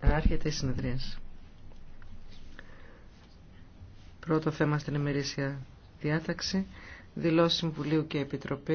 Άρχεται η συνεδρίαση. Πρώτο θέμα στην ημερήσια διάταξη, δηλώσει Συμβουλίου και Επιτροπή.